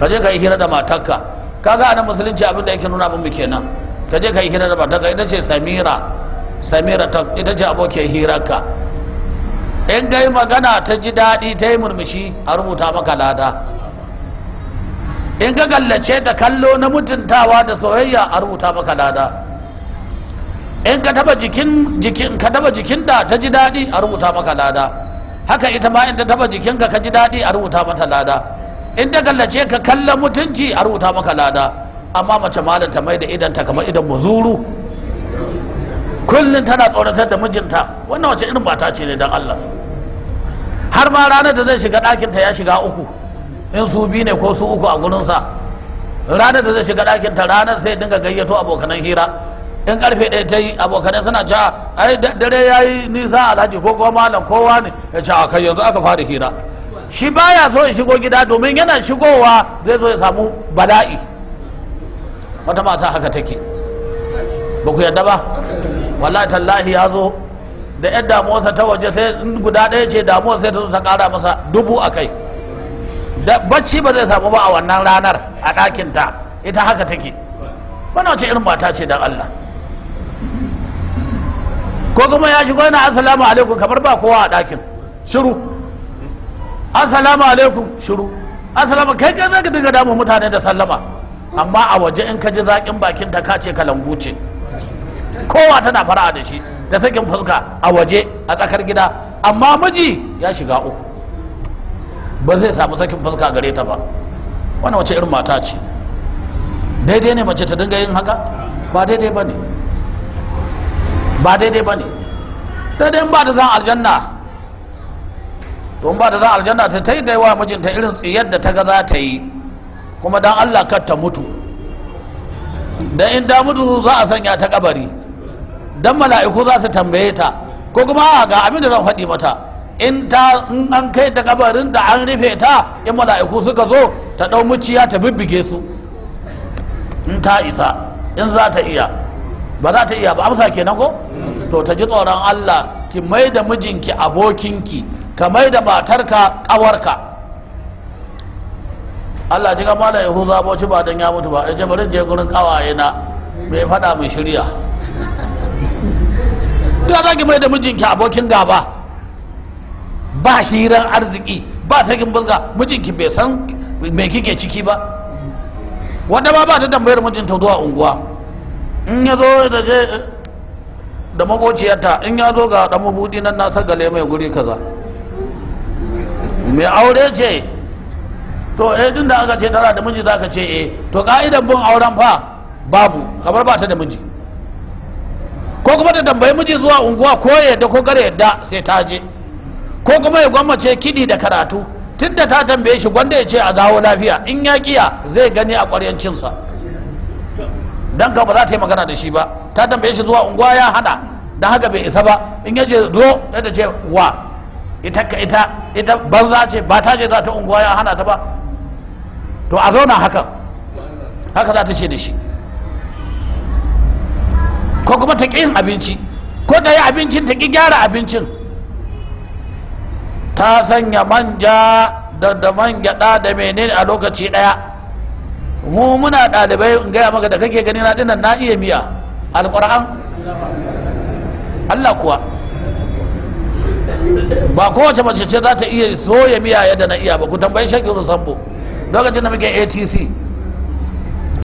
ka je ka yi hira da matarka kaga ana musulunci abin da yake nuna abin kenan ka je ka yi hira da matarka ita ce samira samira ta ita ce abokiyar hirarka in ga magana ta ji daɗi ta yi murmushi a rubuta maka lada in ka gallace ta kallo na mutuntawa da soyayya a rubuta maka lada in ka taba jikin jikin ka taba jikin da ta ji daɗi a rubuta maka lada haka ita ma in ta taba jikinka ka ji daɗi a rubuta mata lada in ta kallace ka kallon mutunci a rubuta maka lada amma mace malam ta mai da idan ta kamar idan muzuru kullum tana tsoratar da mijinta wannan wace irin mata ce ne dan Allah har ma ranar da zai shiga ɗakin ta ya shiga uku in su biyu ne ko su uku a gurinsa ranar da zai shiga ɗakin ta ranar sai dinga gayyato abokanan hira in karfe ɗaya ta yi abokanai suna cewa ai dare ya yi nisa alhaji ko kuma malam kowa ne ya ce a kai yanzu aka fara hira shi baya so ya shigo gida domin yana shigowa zai zo ya samu bala'i wata mata haka take ba ku yarda ba wallahi tallahi ya zo da yan damuwarsa ta waje sai guda ɗaya ce damuwar sai ta zo ta ƙara masa dubu a kai bacci ba zai samu ba a wannan ranar a ɗakinta ita haka take Bana ce irin mata ce don Allah ko kuma ya shigo yana assalamu alaikum kamar ba kowa a ɗakin shiru assalamu alaikum shiru assalamu kai kai zaka dinga damu mutane da sallama amma a waje in ka ji zakin bakin ta ka ce kowa tana fara'a da shi da sakin fuska a waje a tsakar gida amma miji ya shiga uku ba zai samu sakin fuska gare ta ba wannan wace irin mata ce daidai ne mace ta dinga yin haka ba daidai ba ne ba daidai ba ne daidai ba ta zan aljanna don ba ta za aljanna ta ta yi da yawa mijinta irin tsiyar da ta ga za ta yi kuma don allah kar ta mutu dan in da mutu za a sanya ta kabari don mala'iku za su tambaye ta ko kuma ga abin da zan faɗi mata in ta an kai ta kabarin da an rufe ta in mala'iku suka zo ta ɗau muciya ta bibbige su in ta isa in za ta iya ba za ta iya ba amsa kenan ko to ta ji tsoron allah ki mai da mijinki abokinki ka mai da matarka ka. allah ji kama da yahu zaboci ba don ya mutu ba ya ce bari je gurin ƙawaye na mai faɗa mai shirya duk za ki mai da mijinki abokin gaba ba hiran arziki ba sakin buzga mijinki bai san mai kike ciki ba wanda ba ba ta tambayar mijinta zuwa unguwa in ya zo da je da makociyarta in ya zo ga dan mabudi nan na sagale mai guri kaza mai aure ce to eh tun da aka ce tara da miji zaka ce eh to ka'idan bin auren fa babu kamar ba ta da miji ko kuma ta tambayi miji zuwa unguwa ko yadda ko gare yadda sai ta je ko kuma ya gwammace kidi da karatu tun da ta tambaye shi gwanda ya ce a dawo lafiya in ya kiya zai gani a ƙwaryancinsa dan ka ba za ta yi magana da shi ba ta tambaye shi zuwa unguwa ya hana dan haka bai isa ba in ya je zo ta ce wa ita ka ita ita banza ce ba ta ce za ta unguwa ya hana ta ba to a zauna haka haka za ta ce da shi ko kuma ta yin abinci ko ta yi abincin ta ki gyara abincin ta sanya manja da da man gyada da menene a lokaci ɗaya mu muna ɗalibai in gaya maka da kake gani na dinnan na iya miya alƙur'an Allah kuwa ba kowace mace ce za ta iya soya miya yadda na iya ba ku tambayi shakiru sambo lokacin da muke atc